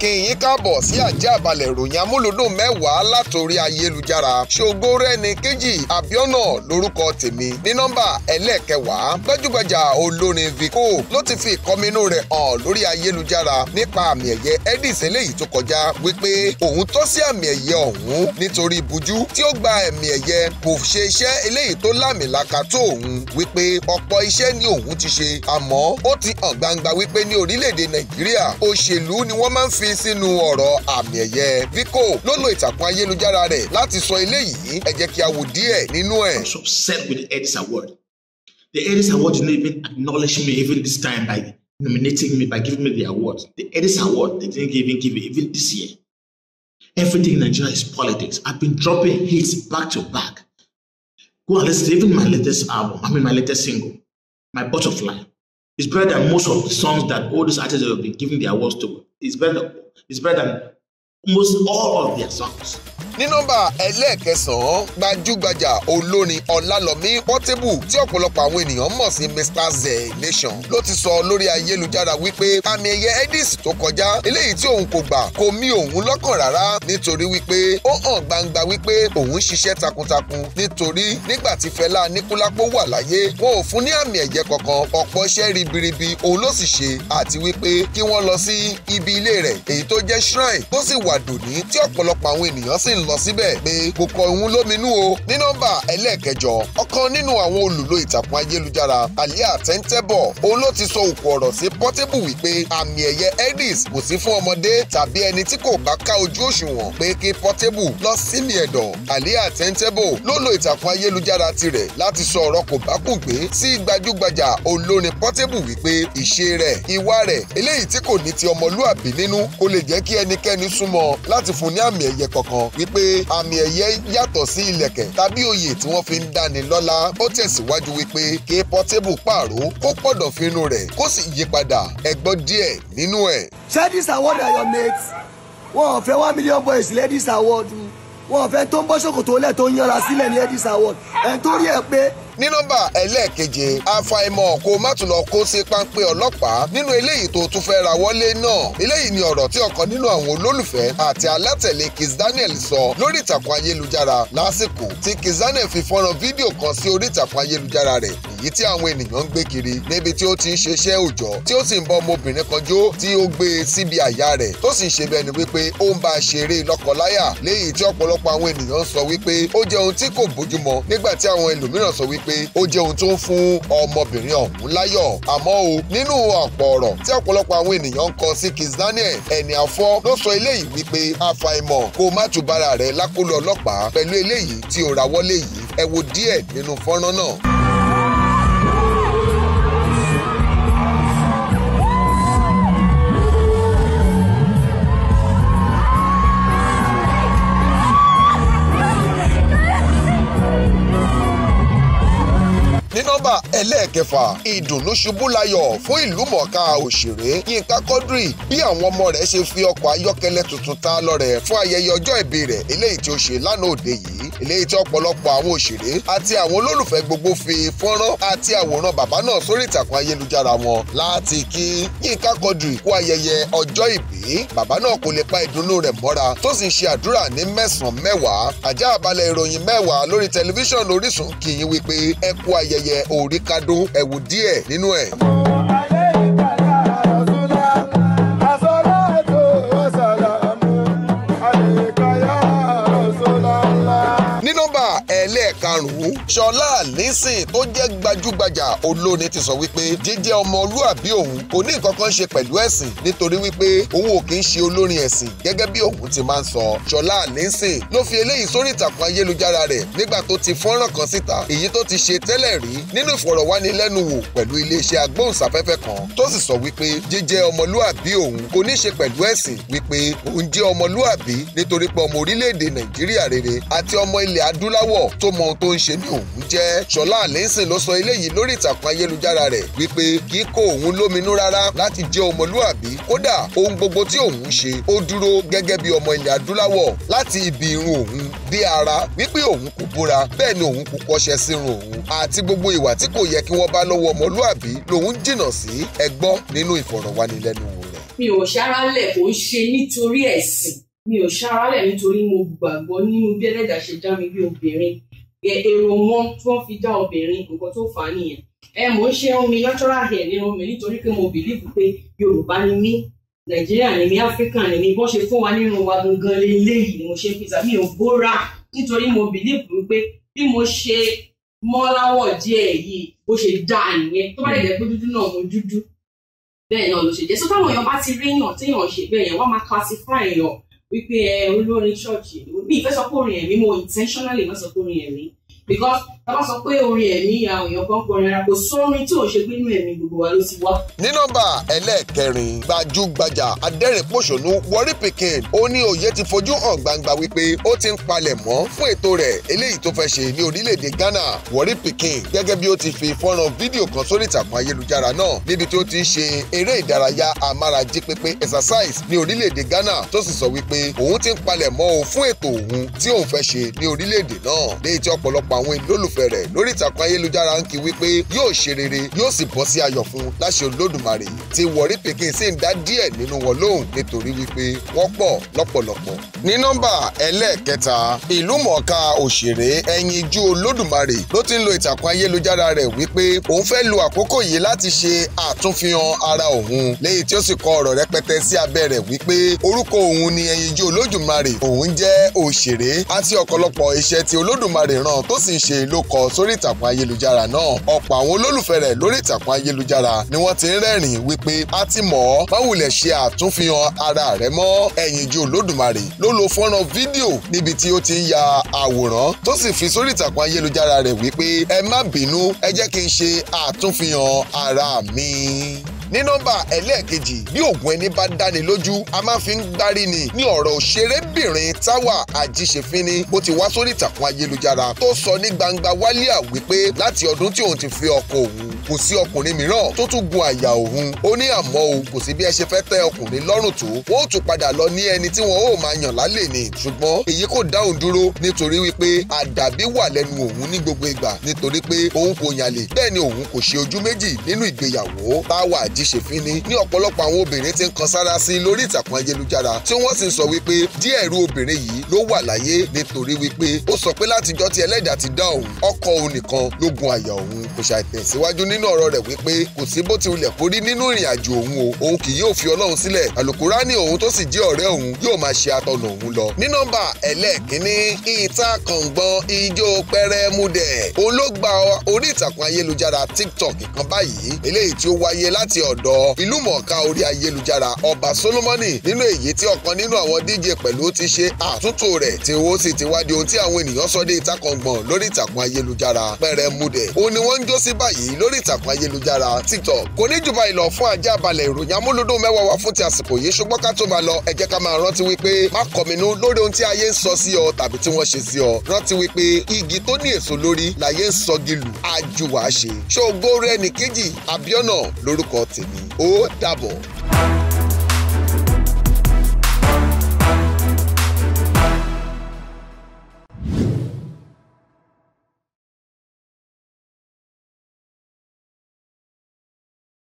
kí yín káàbọ̀ sí àjàbalẹ̀ ìròyìn amúlùdùn mẹ́wàá látòrí ayélujára ṣògo rẹni kejì abiona lórúkọ tèmi ní nọ́mbà ẹlẹ́ẹ̀kẹwàá gbajúgbajà olórin vico ló ti fi ìkọminú rẹ̀ hàn lórí ayélujára nípa àmì ẹ̀yẹ edis eléyìí tó kọjá wípé òun tọ́ sí àmì ẹ̀yẹ ọ̀hún nítorí bujú tí ó gba àmì ẹ̀yẹ kò ṣe iṣẹ́ eléyìí tó lámìlaka tó òun wípé ọ̀pọ̀ iṣẹ́ ni òun ti ṣe àmọ́ ó ti hàn gbangba wípé ní orílẹ̀-èdè nàìjíríà òṣèlú ni wọ́n máa ń fi rí sínú ọ̀rọ̀ àmì ẹ̀yẹ vico ló lo ìtàkùn ayélujára rẹ̀ láti sọ eléyìí ẹ jẹ́ kí a wò díẹ̀ nínú ẹ̀. I'm so upset with the Edis Award. The Edis Award didn't even acknowledge me even this time by nominating me by giving me the award. The Edis Award they didn't even give me even this year. Everything in Nigeria is politics. I've been dropping hits back to back. Go and listen to even my latest album. I mean my latest single, My Butterfly. It's better than most of the songs that all these artists have been giving the awards to. is better is better than Most all of their songs. ní nọ́mbà ẹlẹ́ẹ̀kẹsàn-án gbajúgbajà olórin ọlálọ́mí pọ́tébù tí ọ̀pọ̀lọpọ̀ àwọn ènìyàn mọ̀ sí mr zelation ló ti sọ lórí ayélujára wípé àmì ẹ̀yẹ edis tó kọjá eléyìí tí òun kò gbà kò mì òun lọ́kàn rárá nítorí wípé ó hàn gbangba wípé òun ṣiṣẹ́ takuntakun nítorí nígbà tí fẹlá níkúlápó wà láyé wọn ò fún ní àmì ẹ̀yẹ kankan ọ̀pọ̀ iṣẹ́ ribiribi òun ló sì ṣe àti w wà dòní tí ọ̀pọ̀lọpọ̀ àwọn ènìyàn sì ń lọ síbẹ̀ pé kò kọ òun lóminú o ní nọ́mbà ẹlẹ́ẹ̀kẹjọ ọ̀kan nínú àwọn olùlò ìtàkùn ayélujára Alia Tentebo òun ló ti sọ òkú ọ̀rọ̀ sí Portable wípé àmì ẹ̀yẹ edis kò sí fún ọmọdé tàbí ẹni tí kò bá ká ojú òṣùwọ̀n pé kí Portable lọ sími ẹ̀dọ̀ Alia Tentebo ló lo ìtàkùn ayélujára tirẹ̀ láti sọ ọ̀rọ̀ kò bá kùn gbé sí gbajúgbajà olórin Portable wípé ìṣe rẹ̀ ìwà rẹ̀ eléyìí tí kò ní ti ọmọlúàbí nínú kò lè jẹ́ kí ẹnikẹ́ni súnmọ́ wọn láti fún ní àmì ẹ̀yẹ kankan wípé àmì ẹ̀yẹ yàtọ̀ sí ilẹ̀kẹ̀ tàbí oyè tí wọ́n fi ń dáni lọ́lá ó tẹ̀síwájú wípé kí Portable pààrọ̀ kó pọ̀dọ̀ fínú rẹ̀ kó sì yí padà ẹ díẹ̀ nínú ẹ̀. ṣé this award are your mates wọn ò fẹ́ one million boys lé this award wọn ò fẹ́ tó ń bọ́ ṣòkòtò lẹ̀ tó ń yanra sílẹ̀ ní this award ẹ̀ torí ẹ̀ pé ní nọ́mbà ẹlẹ́ẹ̀keje àfàìmọ̀ kó má tún lọ kó sí páńpẹ́ ọlọ́pàá nínú eléyìí tó tún fẹ́ ra wọlé náà eléyìí ni ọ̀rọ̀ tí ọ̀kan nínú àwọn olólùfẹ́ àti alátẹ̀lé Kiss Daniel sọ lórí ìtàkùn ayélujára lásìkò tí Kiss Daniel fi fọ́nrán fídíò kan sí orí ìtàkùn ayélujára rẹ̀ èyí tí àwọn ènìyàn ń gbé kiri níbi tí ó ti ń ṣeṣẹ́ òòjọ́ tí ó sì ń bọ́ ọmọbìnrin kan jó tí ó gbé e síbi àyà rẹ̀ tó sì ń ṣe bẹ́ẹ̀ ni wípé ó ń bá a ṣeré lọ́kọláyà léyìí tí ọ̀pọ̀lọpọ̀ àwọn ènìyàn sọ wípé ó jẹ́ ohun tí kò bójúmọ́ nígbà tí àwọn ẹlòmíràn sọ wípé pé ó jẹ́ ohun tó ń fún ọmọbìnrin ọ̀hún láyọ̀ àmọ́ o nínú ọ̀pọ̀ ọ̀rọ̀ tí ọ̀pọ̀lọpọ̀ àwọn ènìyàn ń kọ sí Kizz Daniel ẹni àfọ́ ló sọ eléyìí wípé àfàìmọ̀ kó má tún bára rẹ̀ lákòlò ọlọ́pàá pẹ̀lú eléyìí tí ó rawọ́lé yìí ẹ wo díẹ̀ nínú fọ́nrán náà. ẹlẹ́ẹ̀kẹfà ìdùn ló ṣubú layọ̀ fún ìlú mọ̀ọ́ká òṣèré Yínká Quadri bí àwọn ọmọ rẹ̀ ṣe fi ọkọ̀ ayọ́kẹ́lẹ́ tuntun ta lọ́rẹ fún ayẹyẹ ọjọ́ ìbí rẹ̀ eléyìí tí ó ṣe lánàá òde yìí eléyìí tí ọ̀pọ̀lọpọ̀ àwọn òṣèré àti àwọn olólùfẹ́ gbogbo fi fọ́nrán àti àwòrán bàbá náà sórí ìtàkùn ayélujára wọn láti kí Yínká Quadri kú ayẹyẹ ọjọ́ ìbí bàbá náà kò lè pa ìdùnnú rẹ̀ mọ́ra tó sì ṣe àdúrà ní mẹ́sàn-án mẹ́wàá àjá àbálẹ̀ ìròyìn mẹ́wàá lórí tẹlifíṣàn Orísun kì í wípé ẹ kú ayẹyẹ orí k ìka dún ẹ wò díẹ̀ nínú ẹ̀. ṣọlá alison tó jẹ́ gbajúgbajà olórin ti sọ wípé jíjẹ́ ọmọlúàbí òun kò ní nǹkan kan ṣe pẹ̀lú ẹ̀sìn nítorí wípé òun ò kì í ṣe olórin ẹ̀sìn gẹ́gẹ́ bí òun ti máa ń sọ ṣọlá alison ló fi eléyìí sórí ìtàkùn ayélujára rẹ̀ nígbà tó ti fọ́nrán kan síta èyí tó ti ṣe tẹ́lẹ̀ rí nínú ìfọ̀rọ̀wánilẹ́nuwò pẹ̀lú iléeṣẹ́ agbóhùnsáfẹ́fẹ́ kan tó sì sọ wípé jíjẹ́ ọmọlúàbí òun kò ní ṣe pẹ̀lú ẹ̀sìn wípé òun jẹ́ ọmọlúàbí nítorí pé ọmọ orílẹ̀-èdè nàìjíríà rere àti ọmọ ilẹ̀ adúláwọ̀ tó mọ ohun tó ń ṣe ní òun òwú jẹ́ ṣọlá àlẹ́sìn ló sọ eléyìí lórí ìtàkùn ayélujára rẹ̀ wípé kì í kó òun lóminú rárá láti jẹ́ ọmọlúàbí kódà ohun gbogbo tí òun ṣe ó dúró gẹ́gẹ́ bí ọmọ ilẹ̀ adúláwọ̀ láti ibi irun òun dé ara wípé òun kò bóra bẹ́ẹ̀ ni òun kò kọ́ṣẹ́ sírun òun àti gbogbo ìwà tí kò yẹ kí wọ́n bá lọ́wọ́ ọmọlúàbí lòun jìnnà sí ẹgbọ́n nínú ìfọ̀rọ̀wánilẹ́nuwò rẹ̀. mi ò ṣáralẹ̀ kò ń ṣe nítorí ẹ̀sìn mi ò ṣáralẹ̀ nítorí mo gbàgbọ́ nínú bí ẹlẹ́dàá ṣe dá mi bí obìnrin èrò wọn tí wọ́n fi já obìnrin nǹkan tó fà á nìyẹn ẹ mò ń ṣe irun mi natural hair nínú mi nítorí pé mo bìlíìfù pé Yorùbá ni mí Nàìjíríà ni mí Áfíríkà ni mí bọ́n ṣe fún wa nínú wa gangan lélẹ́yìí ni mo ṣe fi sàmì ògbóra nítorí mo bìlíìfù pé bí mo ṣe mọ́láwọ̀ díẹ̀ yìí bó ṣe dá nìyẹn tó bá lè jẹ́ pé dúdú náà mo dúdú bẹ́ẹ̀ náà ló ṣe jẹ́ sọ táwọn èèyàn bá ti rí èèyàn téèyàn ṣe bẹ́ẹ̀ yẹn wọ́n máa classify èèyàn wípé ẹ olórin ṣọ́ọ̀ṣì mi ìfẹ́ sọ pé orin ẹ̀mí mo intentionally má sọ because tábà sọ pé orin ẹ̀mí àwọn èèyàn kan kọrin ara kò sórin tí ò ṣe pé inú ẹ̀mí gbogbo wa ló ti wá. ní nọ́mbà ẹlẹ́ẹ̀kẹrin gbajúgbajà adẹ́rìn-pọ̀ṣọ́nù Warri Pikin ó ní òye ti fojú hàn gbangba wípé ó ti ń palẹ̀ mọ́ fún ètò rẹ̀ eléyìí tó fẹ́ ṣe ní orílẹ̀-èdè Ghana Warri Pikin gẹ́gẹ́ bí ó ti fi fọ́nrán fídíò kan sórí ìtàkùn ayélujára náà níbi tí ó ti ṣe eré ìdárayá amárají pépé exercise ní orílẹ̀-èdè Ghana tó sì sọ wípé òun ti ń palẹ̀ mọ́ òun fún ètò òun tí òun fẹ́ ṣe ní orílẹ̀-èdè náà léyìí tí ọ̀pọ̀lọpọ̀ àwọn olólùfẹ́ rẹ̀ lórí ìtàkùn ayélujára ń kí wípé yóò ṣe rere yóò sì bọ́ sí ayọ̀ fún láṣẹ olódùmarè tí wọ̀rí pikin sì ń dá díẹ̀ nínú wọn lóhùn nítorí wípé wọ́n pọ̀ lọ́pọ̀lọpọ̀. ní nọ́mbà ẹlẹ́ẹ̀kẹta ìlúmọ̀ọ́ká òṣèré ẹyinjú olódùmarè ló ti ń lo ìtàkùn ayélujára rẹ̀ wípé òun fẹ́ lo àkókò yìí láti ṣe àtúnfihàn ara òun léyìí tí ó sì kọ ọ̀rọ̀ rẹpẹtẹ sí abẹ́ rẹ̀ wípé orúkọ òun ni ẹyinjú olódùmarè òun jẹ́ òṣèré àti ọ̀pọ̀lọpọ̀ iṣẹ́ tí olódùmarè rán tó sì sì ń ṣe ló sórí ìtàkùn ayélujára náà ọ̀pọ̀ àwọn olólùfẹ́ rẹ̀ lórí ìtàkùn ayélujára ni wọ́n ti ń rẹ́rìn wípé a ti mọ̀ ọ́ máwùlẹ̀ ṣe àtúnfihàn ara rẹ̀ mọ́ ẹ̀yìn ju olódùmarè ló lo fọ́nrán fídíò níbi tí ó ti ń ya àwòrán tó sì fi sórí ìtàkùn ayélujára rẹ̀ wípé ẹ má bínú ẹ jẹ́ kí n ṣe àtúnfihàn ara mi ní nọ́mbà ẹlẹ́ẹ̀kejì bí ògùn ẹni bá dáni lójú a máa fi ń gbárí ni ní ọ̀rọ̀ òṣèrébìnrin táwa àjíṣefínní bó ti wá sórí ìtàkùn ayélujára tó sọ ní gbangba wálíà wípé láti ọdún tí òun ti fi ọkọ òun kò sí ọkùnrin mìíràn tó tún gun àyà òun ó ní àmọ́ o kò sí bí ẹ ṣe fẹ́ tẹ́ ọkùnrin lọ́rùn tó wọ́n ó tún padà lọ ní ẹni tí wọ́n ó máa yàn lálẹ́ ni ṣùgbọ́n èyí kò dá òun dúró nítorí wípé àdàbí wà lẹ́nu òun ní gbogbo ìgbà nítorí pé òun kò yànlè bẹ́ẹ̀ ni òun kò ṣe ojú méjì nínú ìgbéyàwó táwa àj àti ṣèfini ní ọ̀pọ̀lọpọ̀ àwọn obìnrin ti ń kan sára sí lórí ìtàkùn ayélujára tí wọ́n sì ń sọ wípé díẹ̀ irú obìnrin yìí ló wà láyé nítorí wípé ó sọ pé látijọ́ tí ẹlẹ́dàá ti dá òun ọkọ òun nìkan ló gun àyà òun kò ṣàìtẹ̀síwájú nínú ọ̀rọ̀ rẹ̀ wípé kò sí bó ti wulẹ̀ kórí nínú ìrìn àjò òun o òun kì yóò fi ọlọ́run sílẹ̀ àlùkùránì tiktok kan báyìí eléyìí tí ó wáyé ọ̀dọ̀ ìlúmọ̀ọ́ká orí ayélujára ọba Solomoni nínú èyí tí ọ̀kan nínú àwọn DJ pẹ̀lú ti ṣe àtúntò rẹ̀ tí ó sì ti wá di ohun tí àwọn ènìyàn sọ dé ìtakọ̀ngbọ̀n lórí ìtàkùn ayélujára pẹ̀rẹ̀mudẹ̀ òun ni wọ́n ń jó sí báyìí lórí ìtàkùn ayélujára TikTok kò ní jù báyìí lọ fún ajá balẹ̀ ìròyìn amúlùdùn mẹ́wàá wa fún ti àsìkò yìí ṣùgbọ́n ká tó máa lọ ẹ jẹ́ ká máa rántí wípé má kọminú lórí ohun tí ayé ń sọ sí ọ tàbí tí wọ́n ṣe sí ọ rántí wípé igi tó ní èso lórí láyé ń sọgi lù ájú ṣe ṣògo rẹ nìkejì Àbíọ́nà lórúkọ t tèmi double.